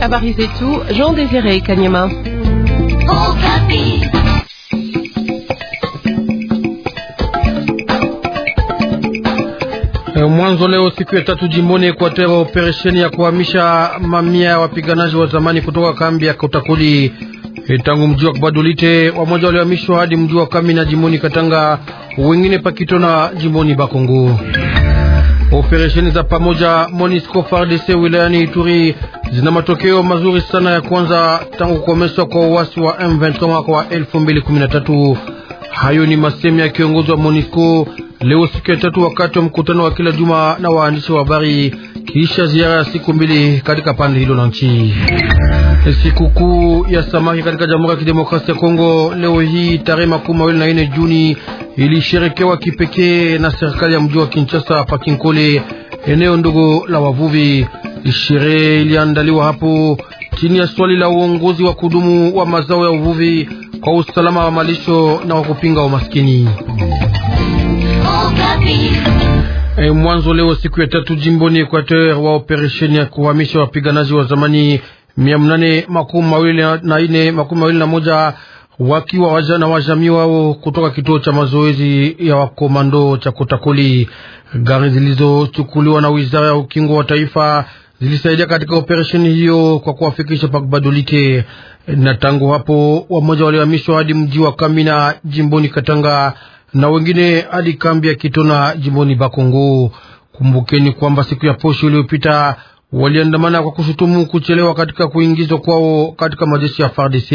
Habari zetu Jean Désiré Kanyama. Eh, mwanzo leo siku ya tatu jimboni Equateur, operesheni ya kuhamisha mamia ya wapiganaji wa zamani kutoka kambi ya Kotakoli eh, tangu mji wa Badolite. Wamoja waliohamishwa hadi mji wa Kamina jimboni Katanga, wengine Pakitona jimboni Bakongo. Operesheni za pamoja Monisco FARDC wilayani Ituri zina matokeo mazuri sana ya kwanza tangu kukomeshwa kwa uasi wa M23 mwaka wa 2013. Hayo ni masemi ya kiongozi wa Monisco leo siku ya tatu wakati wa mkutano wa kila juma na waandishi wa habari kisha ziara ya siku mbili katika pande hilo la nchi. E, sikukuu ya samaki katika Jamhuri ya Kidemokrasia ya Kongo leo hii tarehe makumi mawili na nne Juni ilisherekewa kipekee na serikali ya mji wa Kinshasa Pakinkole, eneo ndogo la wavuvi. Sherehe iliandaliwa hapo chini ya swali la uongozi wa kudumu wa mazao ya uvuvi kwa usalama wa malisho na wa kupinga umaskini. Oh, E, mwanzo leo siku ya tatu jimboni Equateur wa operesheni ya kuhamisha wapiganaji wa zamani mia nane makumi mawili na ine makumi mawili na moja wakiwa wajana wajamii wao kutoka kituo cha mazoezi ya wakomando cha Kotakoli. Gari zilizochukuliwa na wizara ya ukingo wa taifa zilisaidia katika operesheni hiyo kwa kuwafikisha pakubadulike, na tangu hapo wamoja walihamishwa hadi mji wa Kamina jimboni Katanga na wengine hadi kambi ya Kitona jimboni Bakongo. Kumbukeni kwamba siku ya posho iliyopita waliandamana kwa kushutumu kuchelewa katika kuingizwa kwao katika majeshi ya FARDC.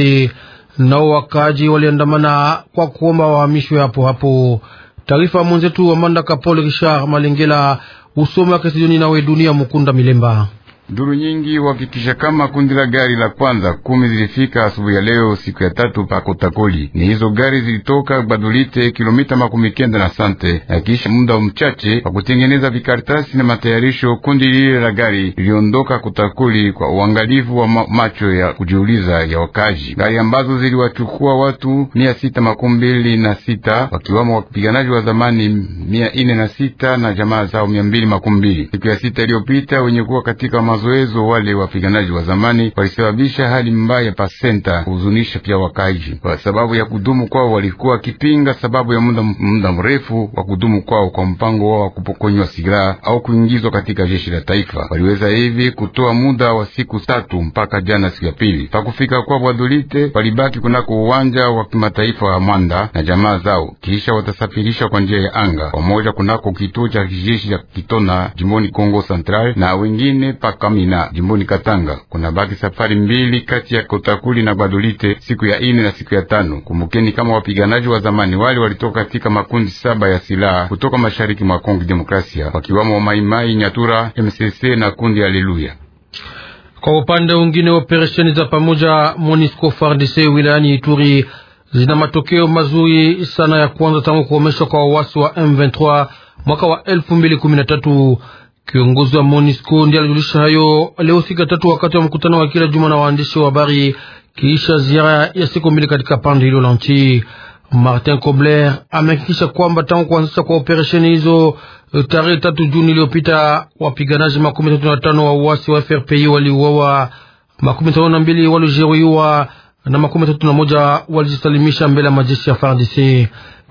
Nao wakaaji waliandamana kwa kuomba wahamishwe hapo hapo. Taarifa mwenzetu Amanda Kapole Richard Malengela usoma Kesijoni nawe Dunia Mukunda Milemba. Duru nyingi wakikisha kama kundi la gari la kwanza kumi zilifika asubuhi ya leo siku ya tatu pa Kotakoli. Ni hizo gari zilitoka Badulite kilomita makumi kenda na sante na kisha muda mchache wa kutengeneza vikaratasi na matayarisho, kundi lile la gari liliondoka Kotakoli kwa uangalifu wa ma macho ya kujiuliza ya wakaji. Gari ambazo ziliwachukua watu mia sita makumi mbili na sita wakiwamo wapiganaji wa zamani mia ine na sita na jamaa zao mia mbili makumi mbili siku ya sita iliyopita wenye kuwa katika mazoezo wale wapiganaji wa zamani walisababisha hali mbaya pasenta kuhuzunisha pia wakaji, kwa sababu ya kudumu kwao walikuwa wakipinga sababu ya muda, muda mrefu wa kudumu kwao kwa mpango wao wa kupokonywa silaha au kuingizwa katika jeshi la taifa. Waliweza hivi kutoa muda wa siku tatu mpaka jana siku ya pili pakufika kwa Bwadolite, walibaki kunako uwanja wa kimataifa wa Mwanda na jamaa zao, kisha watasafirishwa kwa njia ya anga pamoja kunako kituo cha kijeshi cha Kitona jimboni Kongo Central na wengine paka Kamina jimboni Katanga. Kuna baki safari mbili kati ya Kotakuli na Badulite siku ya ine na siku ya tano. Kumbukeni kama wapiganaji wa zamani wale walitoka katika makundi saba ya silaha kutoka mashariki mwa Kongo Demokrasia, wakiwamo wa Maimai, Nyatura, MCC na kundi Haleluya. Kwa upande mwingine, operesheni za pamoja MONUSCO FARDC wilayani Ituri zina matokeo mazuri sana ya kwanza tangu kuomeshwa kwa wasi wa M23 mwaka wa 2013. Kiongozi wa MONUSCO ndiye alijulisha hayo leo siku ya tatu, wakati wa mkutano wa kila juma na waandishi wa habari kiisha ziara ya siku mbili katika pande hilo la nchi. Martin Kobler amehakikisha kwamba tangu kuanzisha kwa operesheni hizo tarehe tatu Juni iliyopita wapiganaji makumi tatu na tano wa uasi wa FRPI waliuawa, makumi tano na mbili walijeruhiwa na makumi tatu na moja walijisalimisha mbele ya majeshi ya FARDC.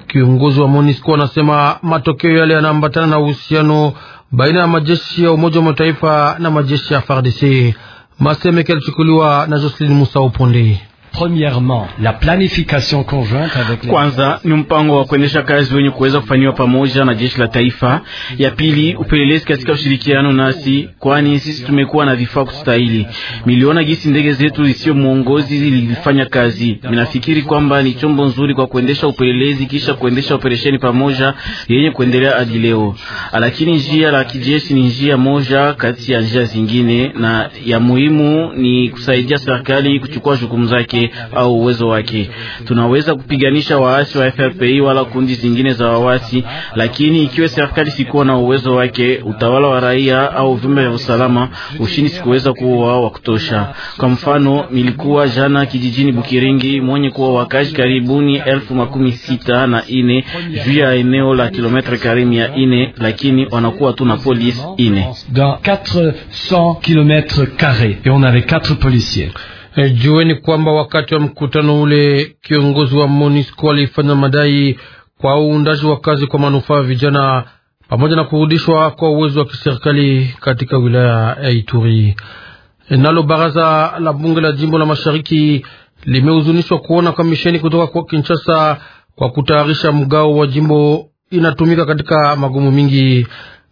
Kiongozi wa MONUSCO anasema matokeo yale yanaambatana na uhusiano baina ya majeshi ya Umoja wa Mataifa na majeshi ya FARDC. Masemeke yalichukuliwa na Jocelyn Musa Uponde. Premièrement, la planification conjointe avec les kwanza ni mpango wa kuendesha kazi wenye kuweza kufanyiwa pamoja na jeshi la taifa. Ya pili, upelelezi katika ushirikiano nasi, kwani sisi tumekuwa na vifaa kustahili. Miliona gisi ndege zetu isiyo mwongozi zilifanya kazi. Minafikiri kwamba ni chombo nzuri kwa kuendesha upelelezi kisha kuendesha operesheni pamoja yenye kuendelea hadi leo, lakini njia la kijeshi ni njia moja kati ya njia zingine, na ya muhimu ni kusaidia serikali kuchukua jukumu zake au uwezo wake. Tunaweza kupiganisha waasi wa FRPI wala kundi zingine za waasi, lakini ikiwa serikali sikuwa na uwezo wake, utawala wa raia au vyombo vya usalama, ushindi sikuweza kuwa wa kutosha. Kwa mfano, nilikuwa jana kijijini Bukiringi mwenye kuwa wakazi karibuni elfu makumi sita na ine juu ya eneo la kilometre karibu mia ine, lakini wanakuwa tu na polisi ine dans 400 km carrés et on avait 4 policiers. Eh, jueni kwamba wakati wa mkutano ule kiongozi wa MONUSCO alifanya madai kwa uundaji wa kazi kwa manufaa ya vijana pamoja na kurudishwa kwa uwezo wa kiserikali katika wilaya ya Ituri. Eh, nalo baraza la bunge la jimbo la mashariki limehuzunishwa kuona kamisheni kutoka kwa Kinshasa kwa kutayarisha mgao wa jimbo inatumika katika magumu mingi.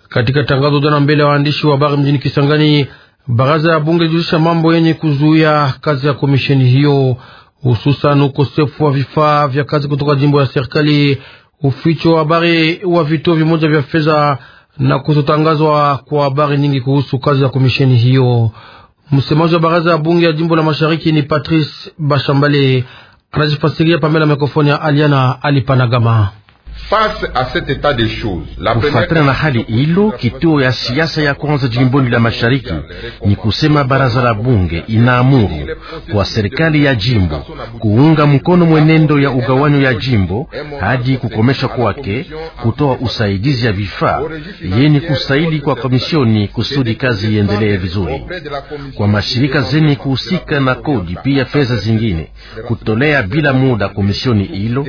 Katika tangazo jana mbele ya waandishi wa habari mjini Kisangani, Baraza ya bunge ilijulisha mambo yenye kuzuia kazi ya komisheni hiyo, hususan ukosefu wa vifaa vya kazi kutoka jimbo ya serikali, uficho wa habari wa vituo vimoja vya fedha na kutotangazwa kwa habari nyingi kuhusu kazi ya komisheni hiyo. Msemaji wa baraza ya bunge ya jimbo la mashariki ni Patrice Bashambale, anajifasiria ya mikrofoni ya Aliana Alipanagama. Kufatana na hali hilo, kituo ya siasa ya kwanza jimboni la mashariki ni kusema baraza la bunge inaamuru kwa serikali ya jimbo kuunga mkono mwenendo ya ugawanyo ya jimbo hadi kukomesha kwake, kutoa usaidizi ya vifaa yeni kustahili kwa komisioni kusudi kazi iendelee vizuri, kwa mashirika zeni kuhusika na kodi, pia fedha zingine kutolea bila muda komisioni hilo,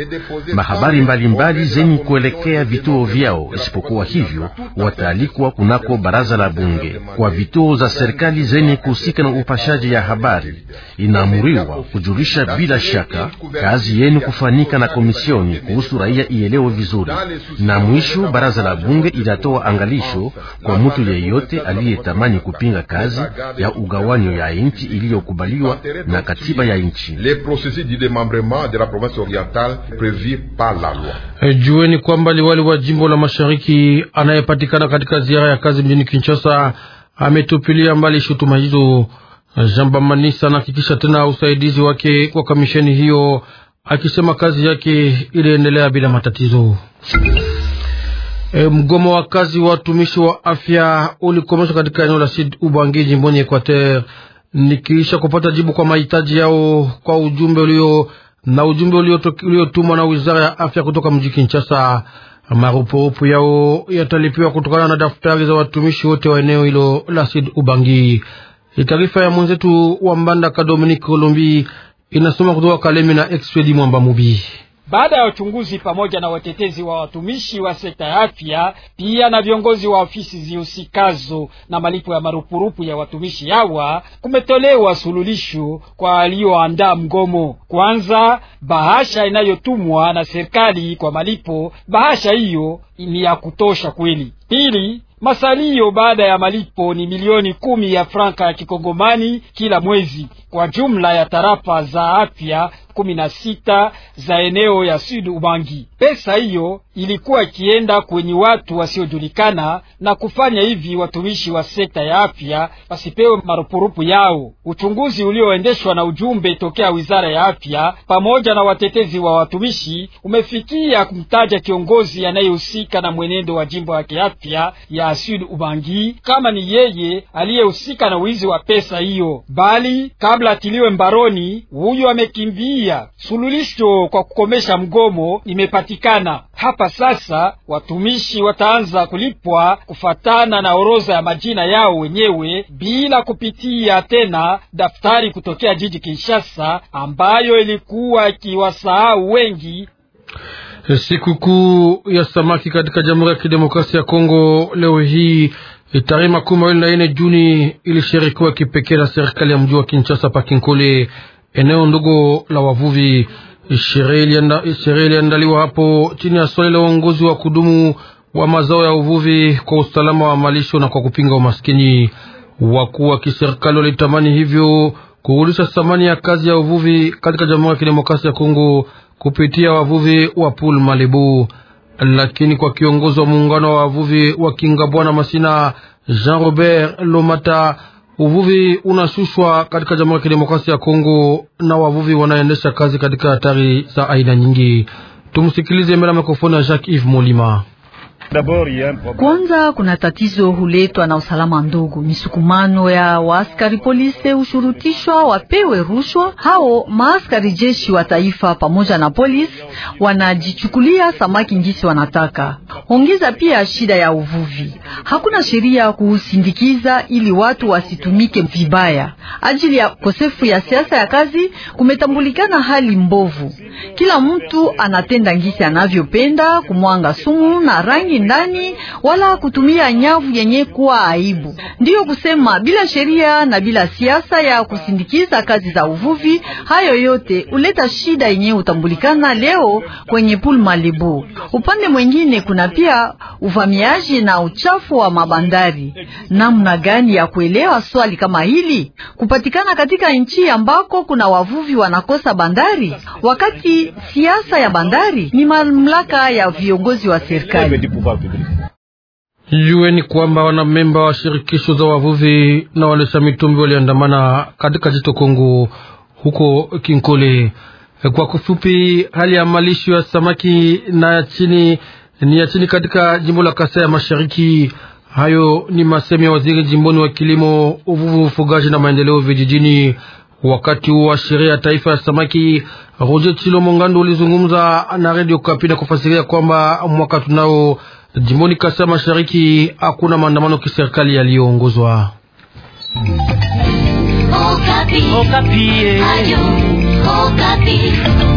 mahabari mbalimbali hawaheshimu kuelekea vituo vyao, isipokuwa hivyo wataalikwa kunako baraza la bunge. Kwa vituo za serikali zenye kuhusika na upashaji ya habari, inaamuriwa kujulisha bila shaka. Kazi yenu kufanyika na komisioni kuhusu raia ielewe vizuri. Na mwisho, baraza la bunge itatoa angalisho kwa mtu yeyote aliyetamani kupinga kazi ya ugawanyo ya nchi iliyokubaliwa na katiba ya nchi. Jueni kwamba liwali wa jimbo la mashariki anayepatikana katika ziara ya kazi mjini Kinshasa ametupilia mbali shutuma hizo. Jamba Manisa anahakikisha tena usaidizi wake kwa kamisheni hiyo, akisema kazi yake iliendelea bila matatizo. E, mgomo wa kazi wa watumishi wa afya ulikomeshwa katika eneo la Sud Ubangi jimboni Equateur, nikiisha kupata jibu kwa mahitaji yao kwa ujumbe ulio na ujumbe uliotumwa na wizara ya afya kutoka mji Kinshasa. Marupurupu yao yatalipiwa kutokana na daftari za watumishi wote wa eneo hilo la Sid Ubangi. Taarifa ya mwenzetu wa Mbandaka Dominique Kolombi inasoma kutoka Kalemi na Expedi Mwamba Mubi baada ya uchunguzi pamoja na watetezi wa watumishi wa sekta ya afya pia na viongozi wa ofisi zihusikazo na malipo ya marupurupu ya watumishi hawa, kumetolewa sululisho kwa walioandaa mgomo. Kwanza, bahasha inayotumwa na serikali kwa malipo, bahasha hiyo ni ya kutosha kweli. Pili, masalio baada ya malipo ni milioni kumi ya franka ya kikongomani kila mwezi kwa jumla ya tarafa za afya kumi na sita za eneo ya Sud Ubangi. Pesa hiyo ilikuwa ikienda kwenye watu wasiojulikana, na kufanya hivi watumishi wa sekta ya afya wasipewe marupurupu yao. Uchunguzi ulioendeshwa na ujumbe tokea wizara ya afya pamoja na watetezi wa watumishi umefikia kumtaja kiongozi anayehusika na mwenendo wa jimbo ya kiafya ya Sud Ubangi kama ni yeye aliyehusika na wizi wa pesa hiyo, bali kabla kabla atiliwe mbaroni, huyo amekimbia. Sululisho kwa kukomesha mgomo imepatikana hapa. Sasa watumishi wataanza kulipwa kufatana na orodha ya majina yao wenyewe bila kupitia tena daftari kutokea jiji Kinshasa ambayo ilikuwa ikiwasahau wengi. Sikukuu ya samaki katika Jamhuri ya Kidemokrasia ya Kongo leo hii eh, tarehe makumi mawili na nne Juni ilisherekiwa kipekee na serikali ya mji wa Kinshasa Kinkole, eneo ndogo la wavuvi. Eh, eh, sherehe iliandaliwa hapo chini ya swali la uongozi wa kudumu wa mazao ya uvuvi kwa usalama wa malisho na kwa kupinga umaskini. Wakuu wa kiserikali walitamani hivyo kurudisha thamani ya kazi ya uvuvi katika Jamhuri ya Kidemokrasia ya Kongo kupitia wavuvi wa Pool Malibu, lakini kwa kiongozi wa muungano wa wavuvi wa Kingabwana Masina Jean Robert Lomata, uvuvi unashushwa katika Jamhuri ya Kidemokrasia ya Kongo na wavuvi wanaendesha kazi katika hatari za aina nyingi. Tumsikilize mbele ya mikrofoni ya Jacques Yves Molima. Kwanza kuna tatizo huletwa na usalama ndogo. Misukumano ya waaskari polisi hushurutishwa wapewe rushwa. Hao maaskari jeshi wa taifa pamoja na polisi wanajichukulia samaki ngisi wanataka. Ongeza pia shida ya uvuvi, hakuna sheria kusindikiza ili watu wasitumike vibaya. Ajili ya kosefu ya siasa ya kazi kumetambulikana hali mbovu, kila mtu anatenda ngisi anavyopenda, kumwanga sumu na rangi ndani wala kutumia nyavu yenye kuwa aibu. Ndiyo kusema bila sheria na bila siasa ya kusindikiza kazi za uvuvi, hayo yote uleta shida yenye utambulikana leo kwenye pool Malibu. Upande mwingine kuna pia uvamiaji na uchafu wa mabandari. Namna gani ya kuelewa swali kama hili kupatikana katika nchi ambako kuna wavuvi wanakosa bandari, wakati siasa ya bandari ni mamlaka ya viongozi wa serikali. Jueni kwamba wanamemba wa shirikisho za wavuvi na walesha mitumbi waliandamana katika jito Kongo huko Kinkole. Kwa kufupi, hali ya malisho ya samaki na ya chini ni ya chini katika jimbo la Kasa ya Mashariki. Hayo ni masemi ya waziri jimboni wa kilimo, uvuvi, ufugaji na maendeleo vijijini wakati wa sheria ya taifa ya samaki. Roger Chilo Mongando ulizungumza na Radio Kapi na kufasiria kwamba mwaka tunao Jimboni kasa Mashariki hakuna maandamano kiserikali yaliyoongozwa. Okapi. Okapi. Eh.